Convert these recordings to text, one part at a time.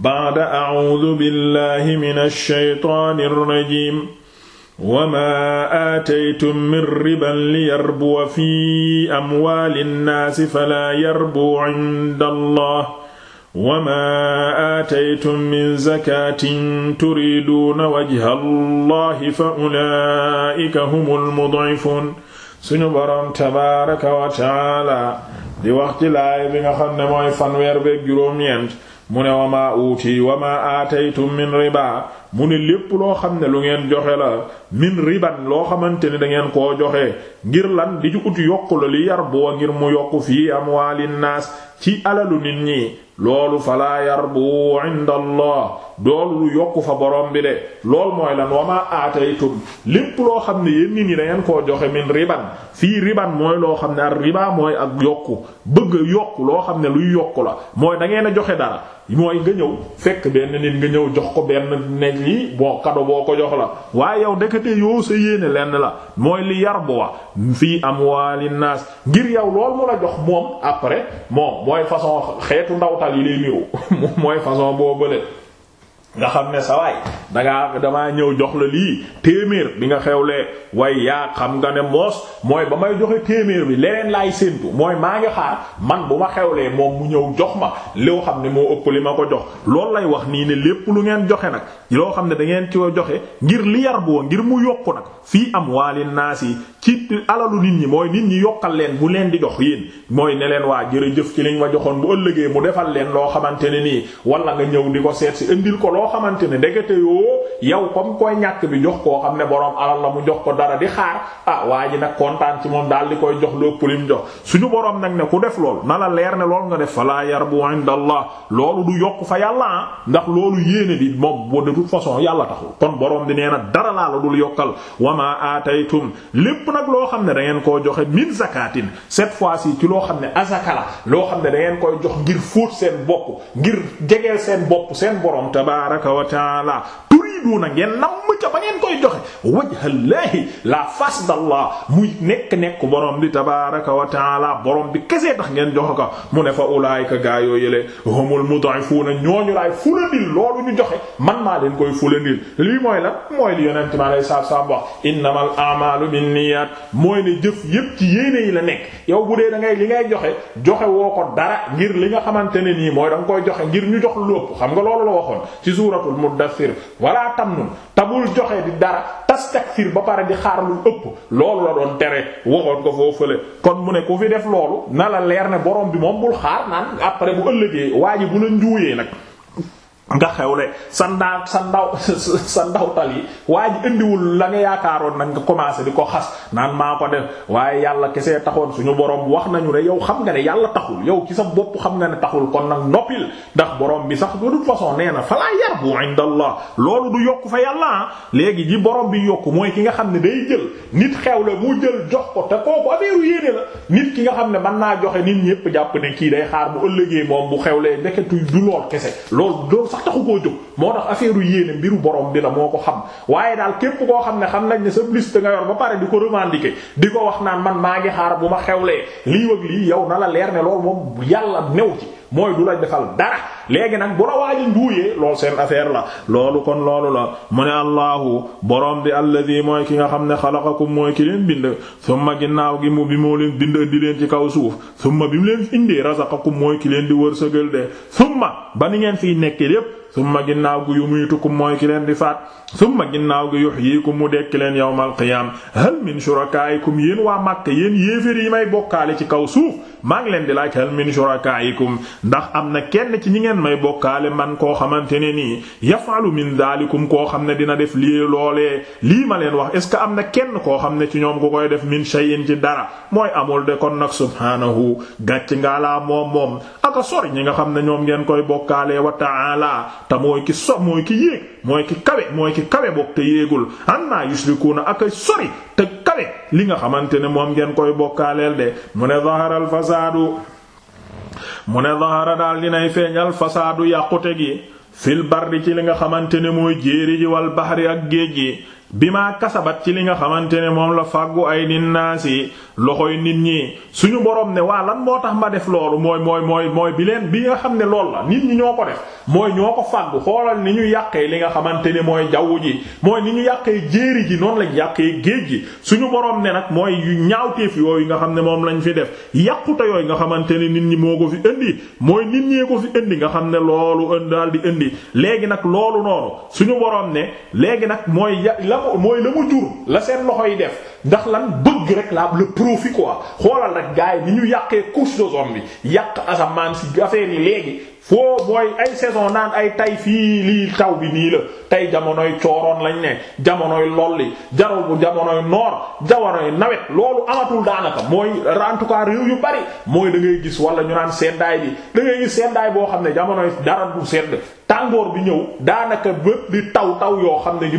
ba'da a'uudu billahi minash shaytaanir rajiim wa maa aataytum min riban liyarbuwa fi amwaalin naasi falaa yarbu 'inda allah wa maa aataytum min zakaatin turiiduuna wajha allahi fa ulaa'ika humul mud'ifuun suñu boroom tabaaraka wa ta'aala di wax ci laaya bi nga xam ne mooy fanweer beek juróom-ñeent mu ne wama uuti wama aataytum min riba mu ne lépp loo xam ne lu ngeen joxe la min riban loo xamante ni dangeen koo joxe ngir lan di ju ut yokku la li yar boo ngir mu yokku fii amwaalin naas ci alalu nit ñi loolu falaa yarbu inda allah doolu lu yokku fa borom bi de lool mooy lan wama aataytum lépp loo xam ne yéen nit ñi da ngeen koo joxe min riban fii riban mooy loo xam ne ar riba mooy ak yokku bëgg yokku loo xam ne luy yokku la mooy da a joxe dara mooy nga ñëw fekk benn nit nga ñëw jox ko benn nekk lii boo kado boo ko jox la waaye yow ndekete yoo sa yéene lenn la mooy li yar bu wa fii amwaali naas ngir yow lool mu la jox moom après bon mooy façon xeetu ndawtal yi lay mooy façon boo bële nga xam ne sa waay dangaa damaa ñëw jox la lii téeméer bi nga xewlee way yaa xam nga ne moos mooy ba may joxe téeméer bi leneen laay séentu mooy maa ngi xaar man bu ma xewlee moom mu ñëw jox ma loo xam ne moo ëpp li ma ko jox loolu lay wax nii ne lépp lu ngeen joxe nag loo xam ne da ngeen ci joxe ngir li yar boo ngir mu yokku nag fii am waali naas yi ci alalu nit ñi mooy nit ñi yokkal leen bu leen di jox yéen mooy ne leen waa jërëjëf ci liñ ma joxoon bu ëllëgee mu defal leen loo xamante ne nii wala nga ñëw di ko seet si indil ko loo xamante ne ndekete yoo yow comme koy ñàkk bi jox koo xam ne boroom alal la mu jox ko dara di xaar ah waa ji nag kontaan ci moom daal di koy jox loo pulim jox suñu boroom nag ne ku def lool na la leer ne lool nga def fa laa yar bu inda allah loolu du yokk fa yàlla ah, ndax loolu yéene di moom boo de toute façon yàlla taxul kon boroom di nee na dara laa la dul yokkal wama ataytum lépp nag loo xam ne da ngeen koo joxe min zakatin cette fois ci ci loo xam ne azaka la loo xam ne da ngeen koy jox ngir fóot seen bopp ngir tabaaraka wa taala turiduuna ngeen namm ca ba ngeen koy joxe wajhallaahi la fas dallah muy nekk nekk borom bi tabaaraka wa taala borom bi kese tax ngeen joxe ko mu ne fa ulaayika gaa yoo yële humul mud'ifuuna ñooñu laay fulandil loolu ñu joxe man maa leen koy fulandil lii mooy lan mooy li yonent ma lay saab saab wax innamal a'maalu binniyaat mooy ne jëf yëpp ci yéene yi la nekk yow bu dee da ngay li ngay joxe joxe woo ko dara ngir li nga xamante ne nii mooy da nga joxe ngir ñu jox lu xam nga loolu la waxoon ci suuratul muddaththir wala tamnun tabul joxe di dara tastakfir ba pare di xaar lu ëpp loolu la doon tere waxoon ko foo fële kon mu ne ku fi def loolu na la leer ne borom bi moom bul xaar naan après bu ëllëgee waa ji bu la njuuyee nag nga xewle sa ndaw sa ndaw sa ndawtal yi waa ji indiwul la nga yaakaaroon nag nga commencé di ko xas naan maa ko def waaye yàlla kese taxoon suñu borom wax nañu rek yow xam nga ne yàlla taxul yow ci sa bopp xam nga ne taxul kon nag noppil ndax borom bi sax de toute façon nee na falaa yarbu indallah loolu du yokk fa yàlla ah. léegi ji borom bi yokk mooy ki nga xam ne day jël nit xewle mu jël jox ko te kooku affaire yéene la nit ki nga xam ne mën naa joxe nit ñépp jàpp kii day xaar bu ëllëgee moom bu xewlee ndeketut du lool kese taxu koo jóg moo tax affaire u yéene mbiru borom bi la moo ko xam waaye daal képp koo xam ne xam nañ ne sa liste nga yor ba pare di ko revendiquer di ko wax naan man maa ngi xaar bu ma xewlee lii wëg lii yow na la leer ne loolu moom yàlla new ci mooy du la defal dara léegi nag bu la waaji njuuyee seen affaire la loolu kon loolu la mu ne allahu boroom bi alladi mooy ki nga xam ne xalaqakum mooy ki leen bind summa ginnaaw gi mu bi moo leen bind di leen ci kaw suuf summa bi mu leen indi razaqakum mooy ki leen di wërsëgal de summa ba ni ngeen fiy nekk lépp summa ginnaaw gi yumiitukum mooy ki leen di faat summa ginnaaw gi yuhyikum mu dekki leen yawmal qiyaam hal min shurakaa'ikum yéen waa Makka yéen yéefér yi may bokkaale ci kaw suuf maa ngi leen di laaj hal min shurakaa'ikum ndax am na kenn ci ñi ngeen may bokkaale man koo xamante ne nii yafalu min daalikum koo xam ne dina def lii loolee lii ma leen wax est ce que am na kenn koo xam ne ci ñoom ku koy def min shay'in ci dara mooy amul de kon nag subhaanahu gàcc ngaa laa moom moom aka sori ñi nga xam ne ñoom ngeen koy bokkaalee wa ta'ala te mooy ki so mooy ki yéeg mooy ki kawe mooy ki kawe bokk te yéegul anna yushrikuuna aka sori te kawe li nga xamante ne moom ngeen koy bokkaaleel de mu ne zahara daal dinay feeñal fasaadu yàqute gi fil barri ci li nga xamante ne mooy jéeri ji wal bahri ak géej gi bi maa kasabat ci li nga xamante ne moom la fàggu ay loxo loxoy nit ñi suñu borom ne waa lan moo tax ma def loolu mooy mooy mooy mooy bi leen bi nga xam ne loolu la nit ñi ñoo ko def mooy ñoo ko fàggu xoolal ni ñu yàqee li nga xamante ne mooy jaww ji mooy ni ñu yàqee jéeri ji noonu lañ yàqee géej gi suñu borom ne nag mooy yu ñaawteef yooyu nga xam ne moom lañ fi def yàqute yooyu nga xamante ne nit ñi moo ko fi indi mooy nit ñee ko fi indi nga xam ne loolu daal di indi léegi nag loolu ko mooy la mu jur la seen loxo yi def ndax lan bëgg rek la le profit quoi xoolal rek gars yi ni ñu yàqee couche d'ozone bi yàq asamaan si affaire yi léegi foo mooy ay saison naan ay tay fii lii taw bi nii la tey jamonoy cooroon lañ ne jamonoy lolli jarul bu jamonoy noor jamonoy nawet loolu amatul daanaka mooy en tout cas réew yu bari mooy da ngay gis wala ñu naan seddaay bi da gis seddaay boo xam ne jamonoy dara du sedd tàngoor bi ñëw daanaka bépp di taw taw yoo xam ne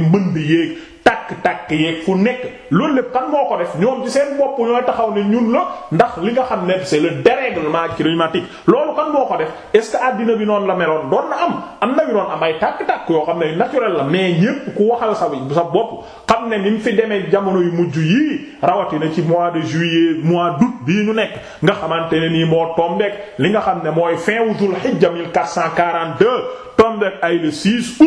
tàkk-tàkk yeeg fu nekk loolu lépp kan moo ko def ñoom ci seen bopp ñooy taxaw ne ñun la ndax li nga xam ne c'est le dérèglement climatique loolu kan moo ko def est-ce que àddina bi noonu la meloon doon na am am na yu doon am ay tàkk-tàkk yoo xam ne naturel la mais ñépp ku waxal sa sa bopp xam ne ni mu fi demee jamono yu mujj yii rawatina ci mois de juillet mois d'août bii ñu nekk nga xamante ne nii moo tombeek li nga xam ne mooy fin wu Dul Hijja 1442 tombeek ay le 6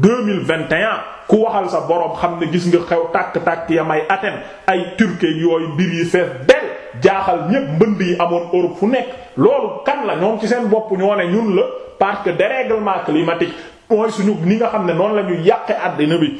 deux mille vingt et ku waxal sa boroom xam ne gis nga xew tàkk-tàkk ya may Athènes ay Turquie yooyu mbir yi fees del jaaxal ñépp mbënd yi amoon Europe fu nekk loolu kan la ñoom ci seen bopp ñoo ne ñun la parce que dérèglement climatique mooy suñu ni nga xam ne noonu la ñu yàqe àddina bi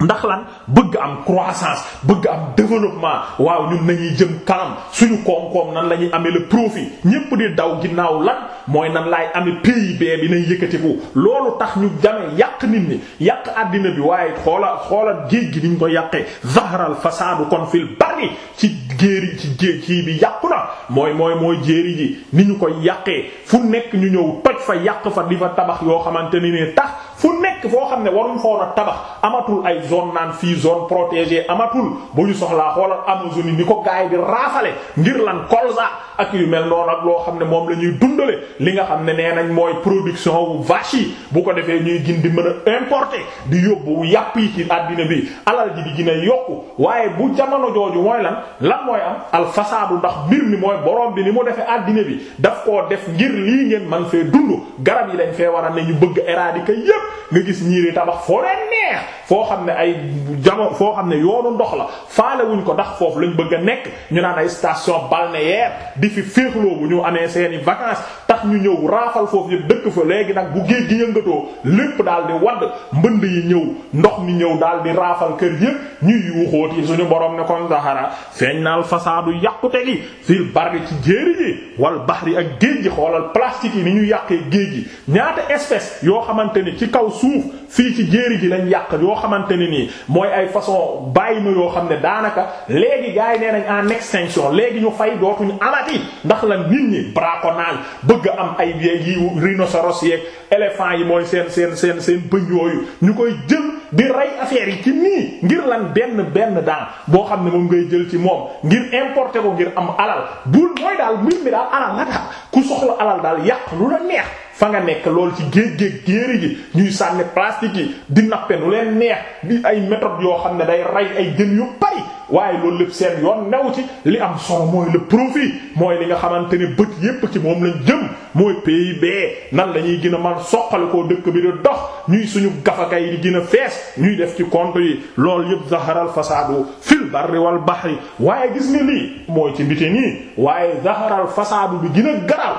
ndax lan bëgg am croissance bëgg am développement waaw ñun nañuy jëm kanam suñu koom-koom nan lañuy ñuy amee le profit ñépp di daw ginnaaw lan mooy nan laay amee PIB bi nay yëkkatiku loolu tax ñu jame yàq nit ñi yàq àddina bi waaye xoola xoolal géej gi niñ ko yàqee zahral fasaadu kon fil bari ci géeri ci géej kii bi yàqu na mooy mooy mooy jéeri ji ni ñu ko yàqee fu nekk ñu ñëw toj fa yàq fa di fa tabax yoo xamante ni ne tax fu nekk foo xam ne waruñ xool a tabax amatul ay zone naan fii zone protégée amatul bu ñu soxlaa xoolal Amazonie ni ko gaay bi raafale ngir lan colza ak yu mel noonu ak loo xam ne moom la ñuy dundale li nga xam ne nee nañ mooy production wu vache yi bu ko defee ñuy gin di mën a importer di yóbbu yàpp yi ci àddina bi alal ji di gën yokku waaye bu jamono jooju mooy lan lan mooy am alfasaadu ndax mbir mi mooy borom bi ni mu defee àddina bi daf koo def ngir lii ngeen man fee dund garab yi lañ fee war a ne ñu bëgg éradiquer yépp nga gis ñiiree tabax foo leen neex foo xam ne ay jamo foo xam ne yoonu ndox la faale wuñ ko ndax foofu lañ bëgg a nekk ñu naan ay station balnéaire di fi féexloo bu ñu amee seeni vacances tax ñu ñëw raafal foofu yëpp dëkk fa léegi nag bu géej gi yëngatoo lépp daal di wadd mbënd yi ñëw ndox mi ñëw daal di raafal kër yëpp ñuy yuuxóoti suñu borom ne kon zahara feeñ naal fasaadu yàqute gi fil barri ci jéeri ji wal yi ak géej gi xoolal plastique yi ni ñu yàqee géej gi ñaata espèce yoo xamante ni ci kaw suuf fii lañ yàq xamante ne nii mooy ay façon bàyyi ma yoo xam ne daanaka léegi gars yi nee nañ en extinction léegi ñu fay dootuñu amati ndax la nit ñi braconnage bëgg am ay yeeg yi rhinocéros yeeg éléphant yi mooy seen seen seen seen bëñ yooyu ñu koy jël. di rey affaire yi ci nii ngir lan benn benn daan boo xam ne moom ngay jël ci moom ngir importer ko ngir am alal bul mooy daal mbir mi daal alal la daal ku soxla alal daal yàq lu la neex fa nga nekk lool ci géej-géej géeri gi ñuy sànni plastique yi di nappe nu leen neex di ay méthode yoo xam ne day rey ay jën yu bari waaye loolu lépp seen yoon new ci li am solo mooy le profit mooy li nga xamante ne bët yépp ci moom lañu jëm mooy PIB nan la ñuy gën a man soqal koo dëkk bi di dox ñuy suñu gafaka yi di gën fees ñuy def ci compte yi loolu yépp zaharal fasaadu fil barri wal bahri waaye gis nga lii mooy ci mbite nii waaye zaharal fasaadu bi gën a garal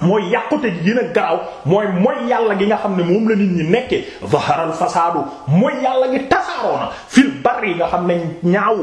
mooy yàqute gi gën a garaw mooy mooy yàlla gi nga xam ne moom la nit ñi nekke zaharal fasaadu mooy yàlla gi tasaaroo na fil barri nga xam ne ñaaw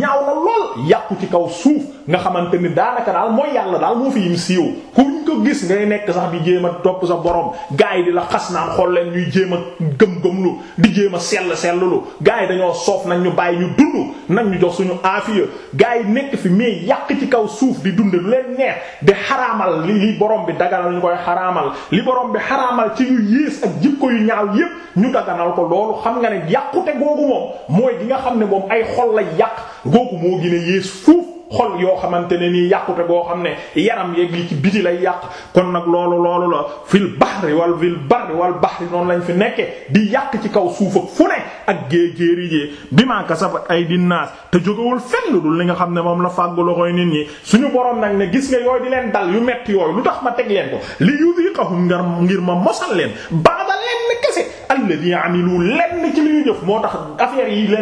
ñaaw na lool yàqu ci kaw suuf nga xamante ni daanaka daal mooy yàlla daal moo fi yim siiw kuñ ko gis ngay nekk sax bi jéem a topp sa boroom gars yi di la xas naan xool leen ñuy jéem a gëm-gëmlu di jéem a sell sellulu gars yi dañoo soof nag ñu bàyyi ñu dund nag ñu jox suñu aafiya gars yi nekk fi mais yàq ci kaw suuf di dund lu leen neex di xaraamal li li borom bi daganal ñu koy xaraamal li boroom bi xaraamal ci yu yées ak jikko yu ñaaw yépp ñu daganal ko loolu xam nga ne yàqute googu moom mooy nga xam ne moom ay xol la yàq googu moo xol yoo xamante ne nii yàqute boo xam ne yaram yeeg li ci biti lay yàq kon nag loolu loolu la fil bahri wal fil barri wal bahri noonu lañ fi nekkee di yàq ci kaw suuf ak fu ne ak géegéeri jee bi maa kasabat ay dinaas te jógewul fenn dul li nga xam ne moom la fàggu loxoy nit ñi suñu boroom nag ne gis nga yooyu di leen dal yu metti yooyu lu tax ma teg leen ko li yudiqahum ngir ma mosal leen baabal leen kese alladhi amilu lenn ci li ñu jëf moo tax affaire yi ko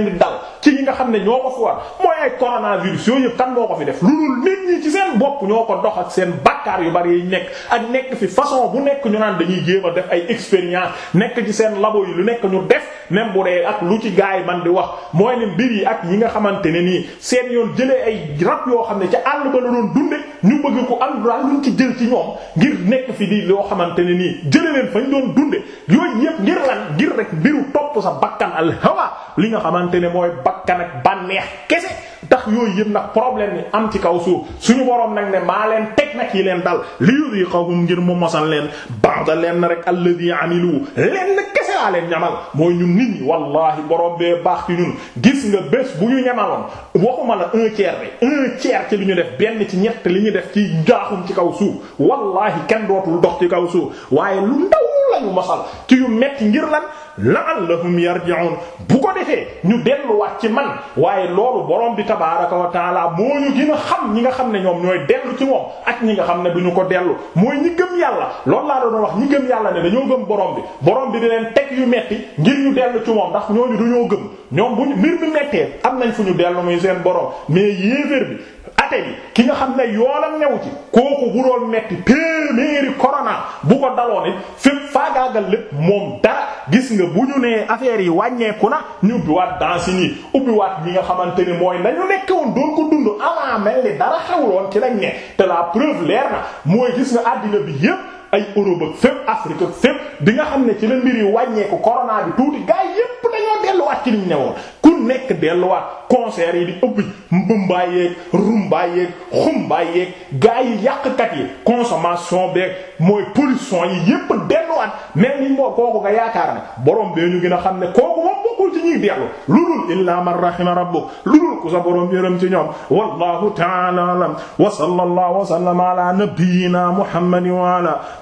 fi war mooy ay coronavirus ko lu dul dox ak seen bakkaar yu bari yi nekk ak nekk fi façon bu nekk ñu naan dañuy jéem a def ay expérience nekk ci seen labo yi lu nekk ñu def même bu dee ak lu ci yi man di wax mooy ne mbir yi ak yi nga xamante ne nii seen yoon jëlee ay rab yoo xam ne ca àll ba la doon dunde ñu bëgg ko am daal luñ ci jël ci ñoom ngir nekk fi di loo xamante ne nii jëlee leen fañ doon dunde yooyu yëpp ngir lan ngir rek mbiru topp sa bakkan al hawa li nga xamante ne mooy bakkan ak bànneex kese tax yooyu yëpp nag problème yi am ci kaw suuf suñu boroom nag ne maa leen teg nag yi leen dal li yudiqahum ngir mu mosal leen ba'da leen rek alladhi amilu leen yaa leen ñamal mooy ñun nit ñi wallahi borom bee baax ci ñun gis nga bés bu ñu ñamaloon waxuma la un tiers de un tiers ci li ñu def benn ci ñett li ñu def ci jaaxum ci kaw suuf wallahi kenn dootul dox ci kaw suuf waaye lu ndaw lañu masal ci yu metti ngir lan la la'allahum yarji'un bu ko defee ñu delluwaat ci man waaye loolu boroom bi tabaaraka wa taala moo ñu gën xam ñi nga xam ne ñoom ñooy dellu ci moom ak ñi nga xam ne du ñu ko dellu mooy ñi gëm yàlla lool laa doon wax ñi gëm yàlla ne dañoo gëm borom bi boroom bi di leen teg yu metti ngir ñu dellu ci moom ndax ñoo ñooñu dañoo gëm ñoom bu mbir mi mettee am nañ fu ñu dellu muy seen borom mais yéeféer bi ate bi ki nga xam ne yoonam new ci kooku bu doon metti téeméeri corona bu ko daloon it fépp faagaagal lépp moom dara gis nga bu ñu nee affaires yi wàññeeku na ñu ubbiwaat danse nii ubbiwaat ñi nga xamante ni mooy nañu nekkee woon doon ko dund avant mel ni dara xewloon ci lañ ne te la preuve leer na mooy gis nga àddina bi yépp ay Europe ak Afrique ak fépp bi nga xam ne ci la mbir yi wàññeeku corona bi tuuti gaay yépp delluwaat ci nekk delluwaat concert yi di ubbi mbumbaay yeeg rumbaay yeeg xumbaay yeeg gaa yi yàqkat yi consommation beeg mooy pollution yi yépp delluwaat mais ni moo kooku nga yaakaar ne borom bee ñu gën a xam ne kooku moom bokkul ci ñuy dellu lu illaa man rahima rabbuk lu ku sa borom yërëm ci ñoom wallahu ta'ala alam wa sallallahu wa sallama ala nabiyyina wa ala